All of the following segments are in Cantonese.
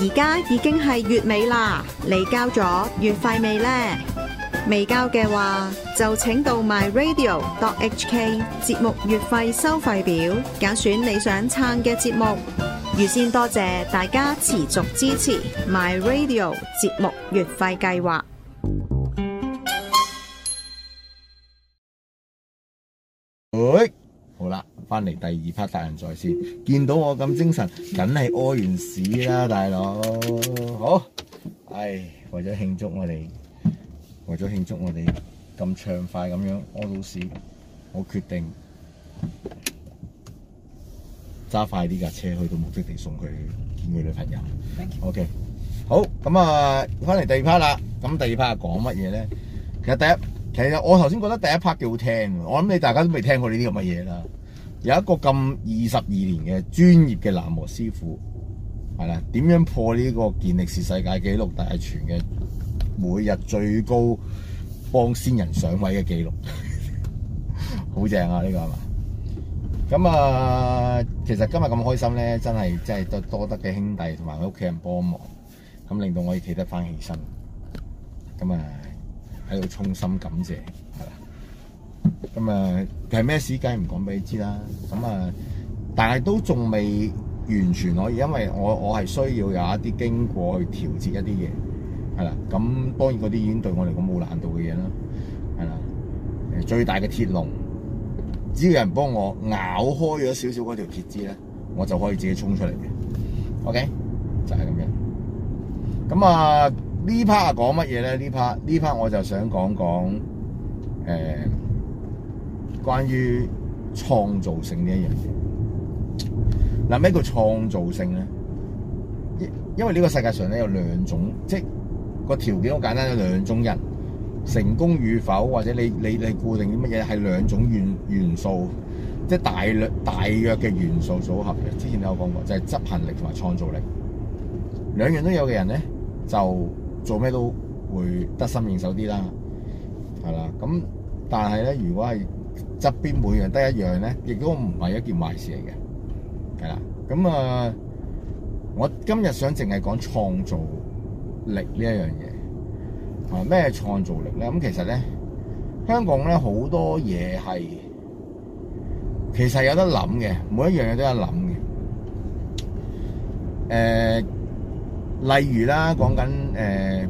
而家已經係月尾啦，你交咗月費未呢？未交嘅話，就請到 myradio.hk 節目月費收費表揀選你想撐嘅節目。預先多謝大家持續支持 myradio 節目月費計劃。翻嚟第二 part，達仁在線，見到我咁精神，梗係屙完屎啦，大佬好。唉，為咗慶祝我哋，為咗慶祝我哋咁暢快咁樣屙到屎，我決定揸快啲架車去到目的地送佢見佢女朋友。Thank you. OK，好咁啊，翻嚟第二 part 啦。咁第二 part 講乜嘢咧？其實第一，其實我頭先覺得第一 part 幾好聽，我諗你大家都未聽過呢啲咁嘅嘢啦。有一個咁二十二年嘅專業嘅喃嘸師傅，係啦，點樣破呢個健力士世界紀錄大全嘅每日最高幫先人上位嘅紀錄？好 正啊！呢、這個係嘛？咁啊，其實今日咁開心咧，真係真係都多得嘅兄弟同埋佢屋企人幫忙，咁令到我可以企得翻起身，咁啊喺度衷心感謝。咁啊，係咩事梗係唔講俾你知啦。咁啊，但係都仲未完全可以，因為我我係需要有一啲經過去調節一啲嘢，係啦。咁當然嗰啲已經對我嚟講冇難度嘅嘢啦，係啦。最大嘅鐵籠，只要有人幫我咬開咗少少嗰條鐵枝咧，我就可以自己衝出嚟嘅。OK，就係咁樣。咁、嗯、啊，呢 part 講乜嘢咧？呢 part 呢 part 我就想講講誒。嗯關於創造性呢一樣嘢，嗱，咩叫創造性咧？因因為呢個世界上咧，有兩種，即係個條件好簡單，有兩種人成功與否，或者你你你固定啲乜嘢係兩種元元素，即係大略大約嘅元素組合嘅。之前你有講過，就係、是、執行力同埋創造力兩樣都有嘅人咧，就做咩都會得心應手啲啦，係啦。咁但係咧，如果係側邊每樣得一樣咧，亦都唔係一件壞事嚟嘅，係啦。咁啊、呃，我今日想淨係講創造力呢一樣嘢。啊、嗯，咩創造力咧？咁其實咧，香港咧好多嘢係其實有得諗嘅，每一樣嘢都有得諗嘅。誒、呃，例如啦，講緊誒，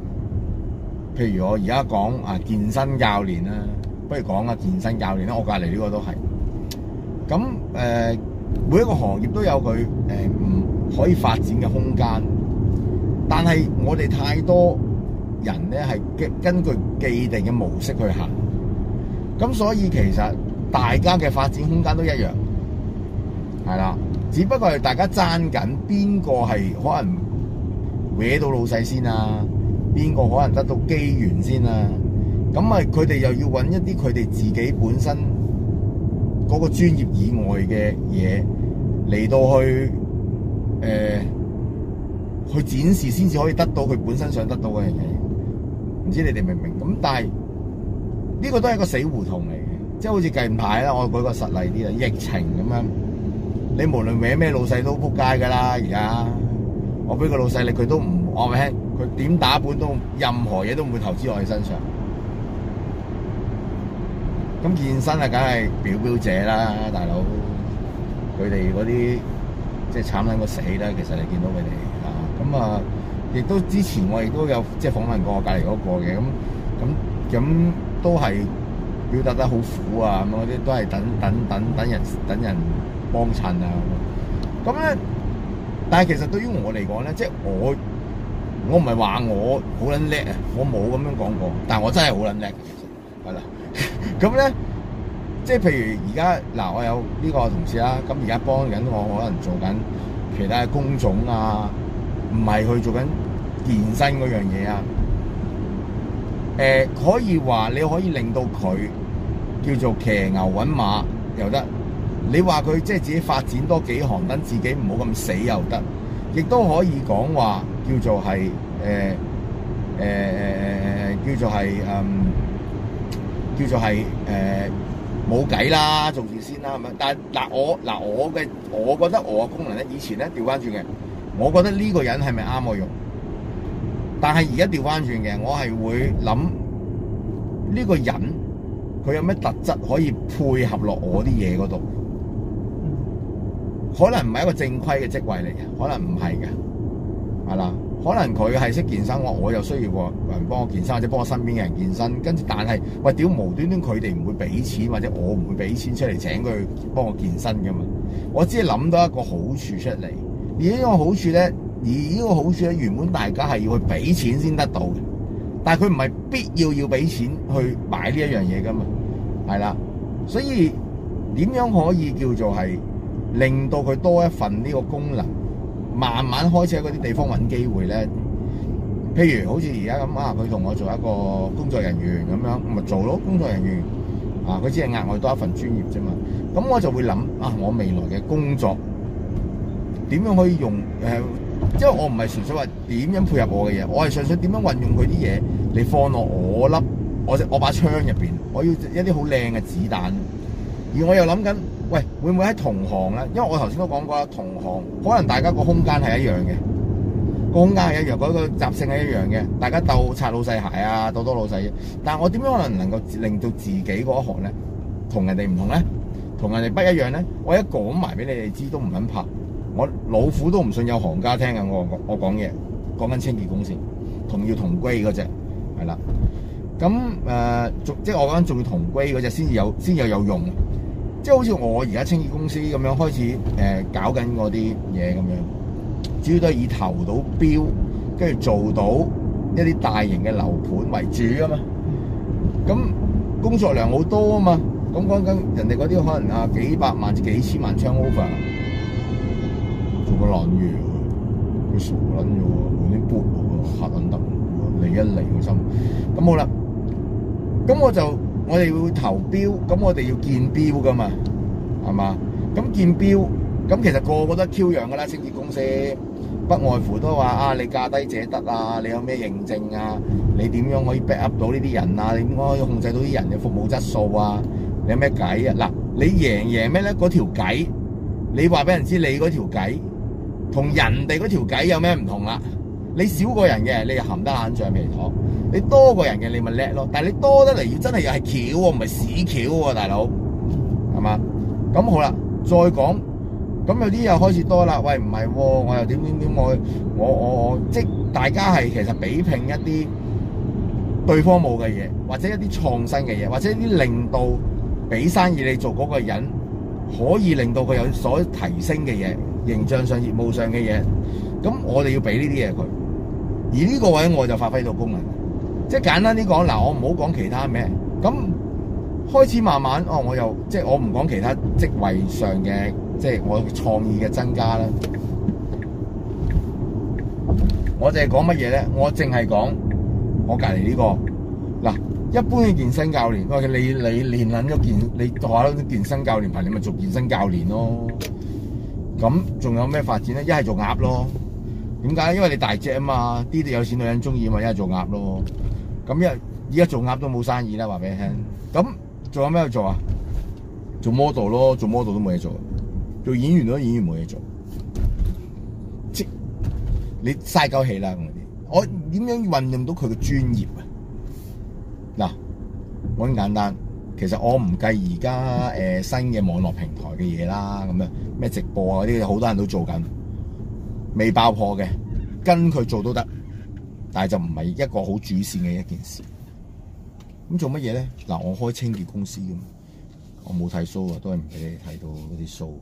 譬如我而家講啊，健身教練啦。不如講下健身教練咧，我隔離呢個都係。咁誒、呃，每一個行業都有佢誒唔可以發展嘅空間，但係我哋太多人咧係根據既定嘅模式去行。咁所以其實大家嘅發展空間都一樣，係啦，只不過係大家爭緊邊個係可能惹到老細先啊，邊個可能得到機緣先啊？咁咪佢哋又要揾一啲佢哋自己本身嗰個專業以外嘅嘢嚟到去誒、呃、去展示，先至可以得到佢本身想得到嘅嘢。唔知你哋明唔明？咁但係呢、這個都係一個死胡同嚟嘅，即係好似近排啦，我舉個實例啲啊，疫情咁樣，你無論咩咩老細都撲街噶啦。而家我俾個老細，你，佢都唔我話佢點打本都任何嘢都唔會投資我哋身上。咁健身啊，梗係表表者啦，大佬佢哋嗰啲即係慘撚過死啦。其實你見到佢哋啊，咁啊，亦都之前我亦都有即係訪問過隔籬嗰個嘅咁咁咁，嗯嗯、都係表達得好苦啊咁嗰啲，都係等等等等人等人幫襯啊。咁咧，但係其實對於我嚟講咧，即係我我唔係話我好撚叻啊，我冇咁樣講過，但我真係好撚叻。咁 咧，即係譬如而家，嗱，我有呢個同事啦，咁而家幫緊我，可能做緊其他工種啊，唔係去做緊健身嗰樣嘢啊。誒、呃，可以話你可以令到佢叫做騎牛搵馬又得，你話佢即係自己發展多幾行，等自己唔好咁死又得，亦都可以講話叫做係誒誒誒叫做係嗯。叫做係誒，冇計啦，做住先啦，係咪？但嗱，我嗱我嘅，我覺得我嘅功能咧，以前咧調翻轉嘅，我覺得呢個人係咪啱我用？但係而家調翻轉嘅，我係會諗呢個人佢有咩特質可以配合落我啲嘢嗰度？可能唔係一個正規嘅職位嚟嘅，可能唔係嘅。係啦，可能佢係識健身，我我又需要人幫我健身，或者幫我身邊嘅人健身。跟住但係喂，屌無端端佢哋唔會俾錢，或者我唔會俾錢出嚟請佢幫我健身噶嘛？我只係諗到一個好處出嚟，而呢個好處咧，而呢個好處咧原本大家係要去俾錢先得到，但係佢唔係必要要俾錢去買呢一樣嘢噶嘛？係啦，所以點樣可以叫做係令到佢多一份呢個功能？慢慢開始喺嗰啲地方揾機會咧，譬如好似而家咁啊，佢同我做一個工作人員咁樣，咪做咯工作人員啊，佢只係額外多一份專業啫嘛。咁我就會諗啊，我未來嘅工作點樣可以用誒、呃，即係我唔係純粹話點樣配合我嘅嘢，我係純粹點樣運用佢啲嘢，你放落我粒我我把槍入邊，我要一啲好靚嘅子彈。而我又諗緊。喂，會唔會喺同行咧？因為我頭先都講過啦，同行可能大家個空間係一樣嘅，個空間係一樣，嗰個習性係一樣嘅，大家鬥擦老細鞋啊，鬥多老細。但係我點樣可能能夠令到自己嗰一行咧，同人哋唔同咧，同人哋不一樣咧？我一講埋俾你哋知都唔肯拍，我老虎都唔信有行家聽嘅。我我講嘢講緊清潔公司，同要同歸嗰隻係啦。咁誒、呃，即係我講緊仲要同歸嗰隻先至有，先至有，有，有用。即係好似我而家清潔公司咁樣開始誒搞緊嗰啲嘢咁樣，主要都係以投到標，跟住做到一啲大型嘅樓盤為主啊嘛。咁、嗯嗯嗯、工作量好多啊嘛，咁講緊人哋嗰啲可能啊幾百萬至幾千萬張 offer 做個攔腰，佢傻撚咗喎，冇啲撥喎，嚇撚得嚟一嚟、嗯嗯嗯、好心咁好啦，咁、嗯、我就。我哋要投標，咁我哋要見標噶嘛，係嘛？咁見標，咁其實個個，個都挑釁噶啦，清潔公司，不外乎都話啊，你價低者得啊，你有咩認證啊？你點樣可以 back up 到呢啲人啊？你點樣可以控制到啲人嘅服務質素啊？你有咩計啊？嗱，你贏贏咩咧？嗰條計，你話俾人知你嗰條計，同人哋嗰條計有咩唔同啊？你少過人嘅，你又含得眼脹未妥；你多過人嘅，你咪叻咯。但係你多得嚟，要真係又係橋喎，唔係屎橋喎，大佬係嘛？咁好啦，再講咁有啲又開始多啦。喂，唔係，我又點點點我我我，我即大家係其實比拼一啲對方冇嘅嘢，或者一啲創新嘅嘢，或者一啲令到俾生意你做嗰個人可以令到佢有所提升嘅嘢，形象上、業務上嘅嘢。咁我哋要俾呢啲嘢佢。而呢個位我就發揮到功能，即係簡單啲講，嗱，我唔好講其他咩，咁開始慢慢，哦，我又即係我唔講其他職位上嘅，即係我嘅創意嘅增加啦。我淨係講乜嘢咧？我淨係講我隔籬呢、這個嗱，一般嘅健身教練，喂，你你練諗咗健，你學咗啲健身教練憑，你咪做健身教練咯。咁仲有咩發展咧？一係做鴨咯。點解？因為你大隻啊嘛，啲啲有錢女人中意嘛，一係做鴨咯。咁一而家做鴨都冇生意啦，話俾你聽。咁仲有咩做啊？做 model 咯，做 model 都冇嘢做。做演員都演員冇嘢做。即你嘥鳩氣啦！我點樣運用到佢嘅專業啊？嗱，我咁簡單，單。其實我唔計而家誒新嘅網絡平台嘅嘢啦，咁樣咩直播啊嗰啲，好多人都做緊。未爆破嘅跟佢做都得，但係就唔係一個好主線嘅一件事。咁做乜嘢咧？嗱，我開清潔公司咁，我冇睇數啊，都係唔俾你睇到嗰啲數，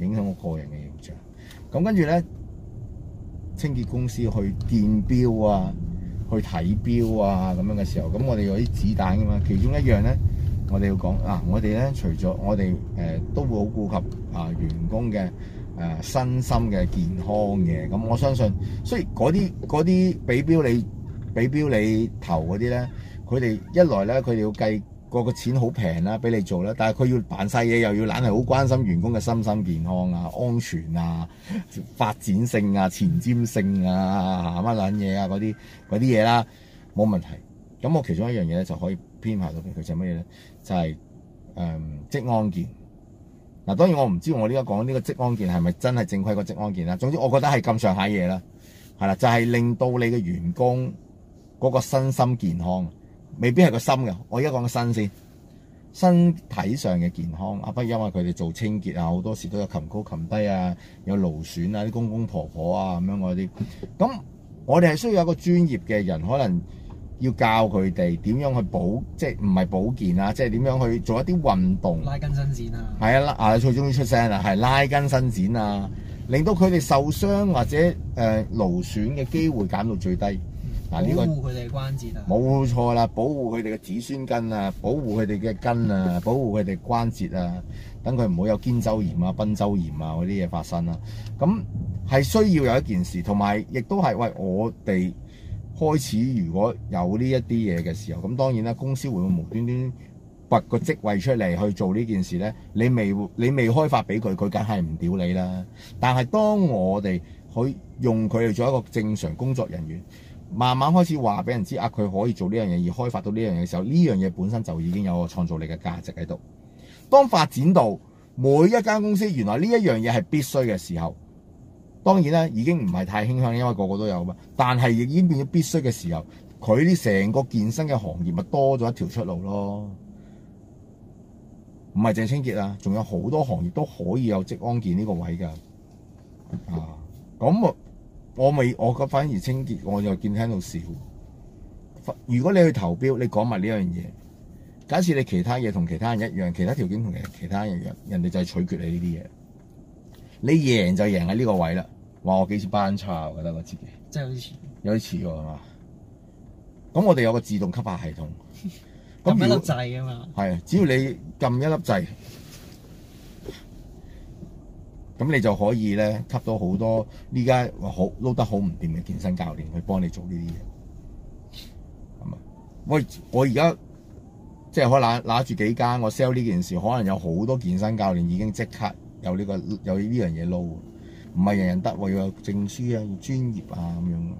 影響我個人嘅形象。咁跟住咧，清潔公司去見標啊，去睇標啊，咁樣嘅時候，咁我哋有啲子彈噶嘛，其中一樣咧，我哋要講啊，我哋咧除咗我哋誒都會好顧及啊員工嘅。誒身心嘅健康嘅，咁我相信，所以嗰啲嗰啲俾標你俾標你投嗰啲咧，佢哋一來咧，佢哋要計個個錢好平啦，俾你做啦，但係佢要辦晒嘢，又要懶，係好關心員工嘅身心健康啊、安全啊、發展性啊、前瞻性啊、乜撚嘢啊嗰啲嗰啲嘢啦，冇問題。咁我其中一樣嘢咧就可以編排到佢就係乜嘢咧？就係誒職安健。嗱，當然我唔知我呢家講呢個職安健係咪真係正規個職安健啦。總之我覺得係咁上下嘢啦，係啦，就係、是、令到你嘅員工嗰個身心健康，未必係個心嘅。我而家講個身先，身體上嘅健康。不、啊、輝因為佢哋做清潔啊，好多時都有擒高擒低啊，有勞損啊，啲公公婆婆啊咁樣嗰啲。咁我哋係需要有一個專業嘅人，可能。要教佢哋點樣去保，即係唔係保健啊？即係點樣去做一啲運動？拉筋伸展啊！係啊，阿、啊、翠終於出聲啦，係拉筋伸展啊，令到佢哋受傷或者誒勞、呃、損嘅機會減到最低。嗱、嗯，呢個保護佢哋嘅關節啊！冇錯啦，保護佢哋嘅子孫根啊，保護佢哋嘅根啊，保護佢哋關節啊，等佢唔好有肩周炎啊、賓周炎啊嗰啲嘢發生啦、啊。咁係需要有一件事，同埋亦都係喂我哋。開始，如果有呢一啲嘢嘅時候，咁當然啦，公司會唔會無端端拔個職位出嚟去做呢件事呢？你未你未開發俾佢，佢梗係唔屌你啦。但係當我哋去用佢做一個正常工作人員，慢慢開始話俾人知，啊佢可以做呢樣嘢而開發到呢樣嘢嘅時候，呢樣嘢本身就已經有個創造力嘅價值喺度。當發展到每一間公司原來呢一樣嘢係必須嘅時候，當然啦，已經唔係太興香，因為個個都有嘛。但係亦已經變咗必須嘅時候，佢啲成個健身嘅行業咪多咗一條出路咯。唔係淨清潔啊，仲有好多行業都可以有職安健呢個位㗎。啊，咁我我未我咁反而清潔，我就見聽到少。如果你去投標，你講埋呢樣嘢，假設你其他嘢同其他人一樣，其他條件同人其他人一樣，人哋就係取決你呢啲嘢。你贏就贏喺呢個位啦，話我幾似班差，我覺得我自己真係好似，有啲似喎係嘛？咁我哋有個自動吸發系統，撳 一粒掣啊嘛。係，只要你撳一粒掣，咁、嗯、你就可以咧吸到好多依家好撈得好唔掂嘅健身教練去幫你做呢啲嘢。係嘛？喂，我而家即係可能揦住幾間我 sell 呢件事，可能有好多健身教練已經即刻。有呢、呢個有呢樣嘢撈，唔係人人得，要有證書啊，要專業啊咁樣。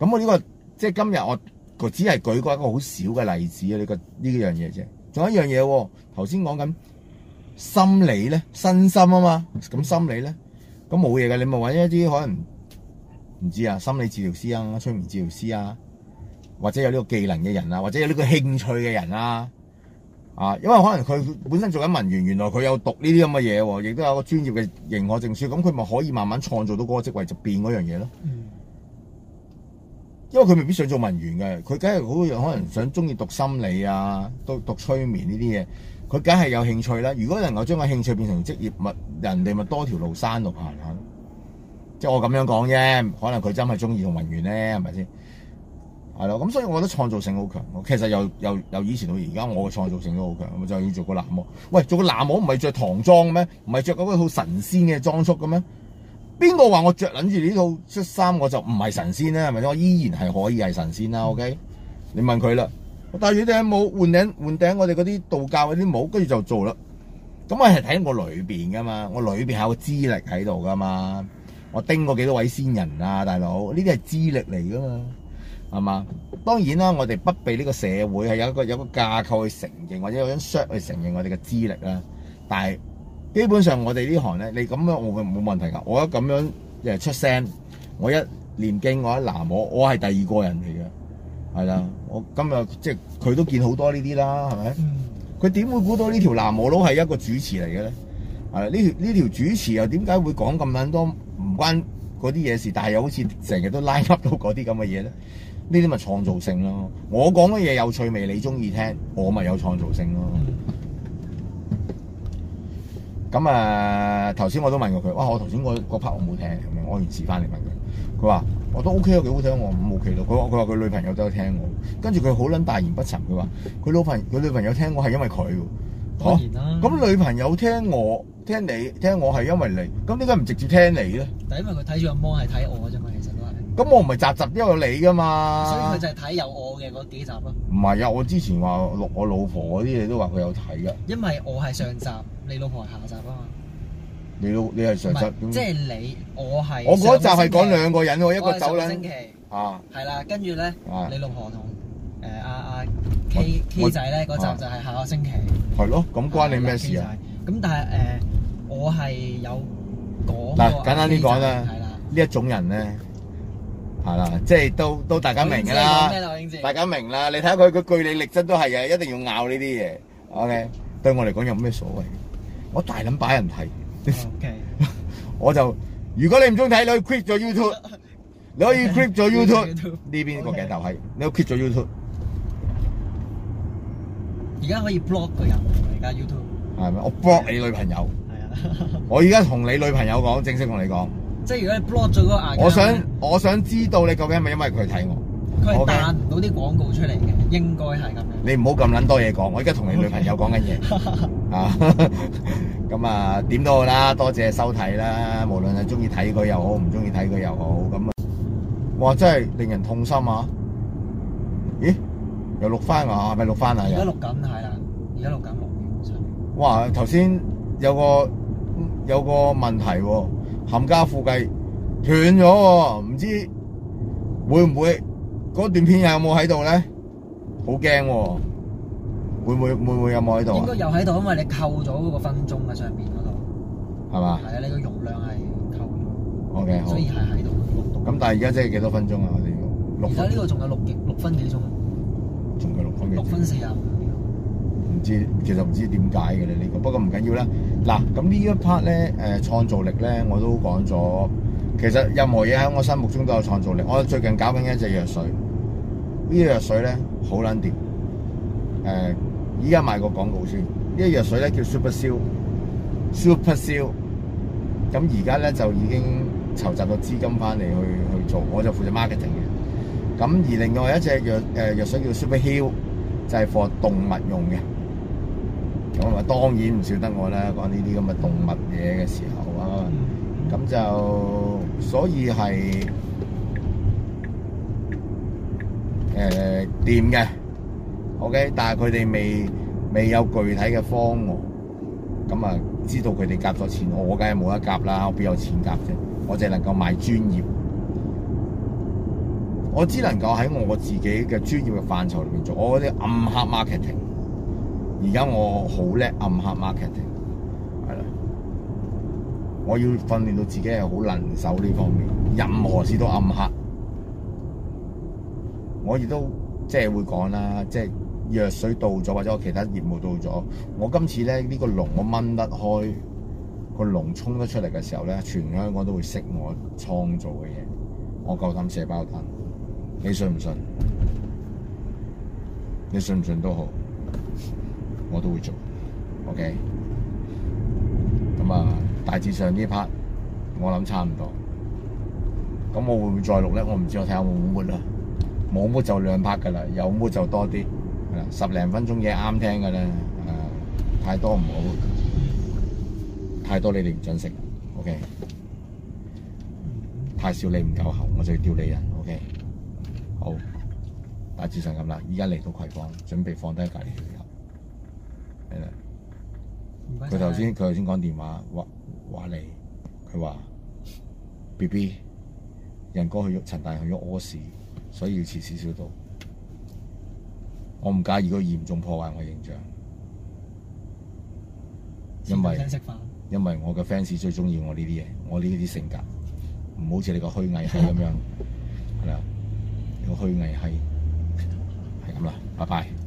咁我呢個即係今日我只係舉過一個好少嘅例子啊，呢個呢樣嘢啫。仲有一樣嘢，頭先講緊心理咧，身心啊嘛。咁心理咧，咁冇嘢噶，你咪搵一啲可能唔知啊，心理治療師啊，催眠治療師啊，或者有呢個技能嘅人啊，或者有呢個興趣嘅人啊。啊，因為可能佢本身做緊文員，原來佢有讀呢啲咁嘅嘢喎，亦都有個專業嘅認可證書，咁佢咪可以慢慢創造到嗰個職位就變嗰樣嘢咯。嗯、因為佢未必想做文員嘅，佢梗係好有可能想鍾意讀心理啊，讀讀催眠呢啲嘢，佢梗係有興趣啦。如果能夠將個興趣變成職業，咪人哋咪多條路山路行下咯、嗯。即係我咁樣講啫，可能佢真係鍾意做文員咧，係咪先？係咯，咁所以我覺得創造性好強。其實由由由以前到而家，我嘅創造性都好強。就要做個男帽，喂，做個男帽唔係着唐裝咩？唔係着嗰套神仙嘅裝束嘅咩？邊個話我着撚住呢套恤衫我就唔係神仙咧？係咪？我依然係可以係神仙啦。OK，、嗯、你問佢啦。我戴住頂帽，換頂換頂我哋嗰啲道教嗰啲帽，跟住就做啦。咁我係睇我裏邊噶嘛，我裏邊有個資歷喺度噶嘛，我叮過幾多位仙人啊，大佬，呢啲係資歷嚟噶嘛。係嘛？當然啦，我哋不被呢個社會係有一個有一個架構去承認，或者有張 cert 去承認我哋嘅資歷啦。但係基本上我哋呢行咧，你咁樣我冇問題㗎。我一咁樣誒出聲，我一念經，我一男模，我係第二個人嚟嘅，係啦。我今日即係佢都見好多呢啲啦，係咪？佢點會估到呢條男模佬係一個主持嚟嘅咧？係呢條呢條主持又點解會講咁撚多唔關嗰啲嘢事，但係又好似成日都拉噏到嗰啲咁嘅嘢咧？呢啲咪創造性咯，我講嘅嘢有趣味，你中意聽，我咪有創造性咯。咁、嗯、啊，頭先我都問過佢，哇！我頭先個個 part 我冇聽，聽，我完事翻嚟問佢，佢話我都 OK 咯，幾好聽我冇企到。佢佢話佢女朋友都有聽我，跟住佢好撚大言不慚，佢話佢老朋佢女朋友聽我係因為佢，當然嚇、啊，咁、啊、女朋友聽我聽你聽我係因為你，咁點解唔直接聽你咧？但因為佢睇住個 mon 係睇我啫嘛，其實。咁我唔係集集都有你噶嘛，所以佢就係睇有我嘅嗰幾集咯。唔係啊，我之前話錄我老婆嗰啲嘢都話佢有睇嘅。因為我係上集，你老婆係下集啊嘛。你老你係上集，即係你我係我嗰集係講兩個人喎，一個走兩星期。啊，係啦，跟住咧，你老婆同誒阿阿 K K 仔咧嗰集就係下個星期。係咯，咁關你咩事啊？咁但係誒，我係有講嗱，簡單啲講啦，呢一種人咧。係啦，即係都都大家明噶啦，大家明啦。你睇下佢個據理力爭都係嘅，一定要拗呢啲嘢。OK，對我嚟講有咩所謂？我大諗擺人睇，我就如果你唔中睇，你可以 quit 咗 YouTube。你可以 quit 咗 YouTube。呢邊個鏡頭係？你 quit 咗 YouTube。而家可以 block 個人同而家 YouTube。係咪？我 block 你女朋友。係啊。我而家同你女朋友講，正式同你講。即係如果你 block 咗嗰個眼鏡，我想我想知道你究竟係咪因為佢睇我？佢彈到啲廣告出嚟嘅，應該係咁樣。你唔好咁捻多嘢講，我而家同你女朋友講緊嘢啊！咁啊，點都好啦，多謝收睇啦。無論係中意睇佢又好，唔中意睇佢又好，咁啊，哇，真係令人痛心啊！咦？又錄翻啊？係咪錄翻啊？而家錄緊係啦，而家錄緊錄緊。哇！頭先有個有個問題。冚家富貴斷咗喎，唔知會唔會嗰段片有冇喺度咧？好驚喎，會唔會會唔會有冇喺度啊？應該有喺度，因為你扣咗個分鐘啊，上面嗰度。係嘛？係啊，你個容量係扣咗。哦，Ok，所以係喺度。咁但係而家即係幾多分鐘啊？我哋六。我呢個仲有六幾六分幾鐘啊？仲有六分鐘。六分四啊。唔知，其實唔知點解嘅咧呢個，不過唔緊要啦。嗱，咁呢一 part 咧，誒、呃、創造力咧，我都講咗。其實任何嘢喺我心目中都有創造力。我最近搞緊一隻藥水，呢、這個藥水咧好撚掂。誒、呃，依家賣個廣告先。呢、這個藥水咧叫 Super 消，Super 消。咁而家咧就已經籌集咗資金翻嚟去去做，我就負責 marketing 嘅。咁而另外一隻藥誒、呃、藥水叫 Super Heal 就係放動物用嘅。我話當然唔少得我啦，講呢啲咁嘅動物嘢嘅時候啊，咁就所以係誒掂嘅，OK，但係佢哋未未有具體嘅方案，咁啊知道佢哋夾咗錢，我梗係冇得夾啦，我邊有錢夾啫？我只能夠賣專業，我只能夠喺我自己嘅專業嘅範疇裏面做，我嗰啲暗黑 marketing。而家我好叻暗黑 marketing，係啦，我要訓練到自己係好能手呢方面，任何事都暗黑。我亦都即係會講啦，即係藥水到咗或者我其他業務到咗，我今次咧呢個龍我掹得開，個龍衝得出嚟嘅時候咧，全香港都會識我創造嘅嘢，我夠膽寫包單，你信唔信？你信唔信都好。我都會做，OK。咁啊，大致上呢一 part 我諗差唔多。咁我會唔會再錄咧？我唔知，我睇下會唔會抹啦。冇抹就兩 part 噶啦，有抹就多啲。十零分鐘嘢啱聽噶啦，誒太多唔好，太多你哋唔準食，OK。太少你唔夠喉，我就要屌你啊，OK。好，大致上咁啦。依家嚟到葵芳，準備放低隔離軟。係啦，佢頭先佢頭先講電話話話你，佢話 B B 仁哥去咗陳大去咗屙屎，所以要遲少少到。我唔介意佢嚴重破壞我形象，因為因為我嘅 fans 最中意我呢啲嘢，我呢啲性格唔好似你個虛偽系咁樣，係啦， 你個虛偽系係咁啦，拜拜。